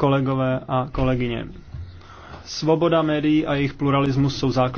kolegové a kolegyně. Svoboda médií a jejich pluralismus jsou základní.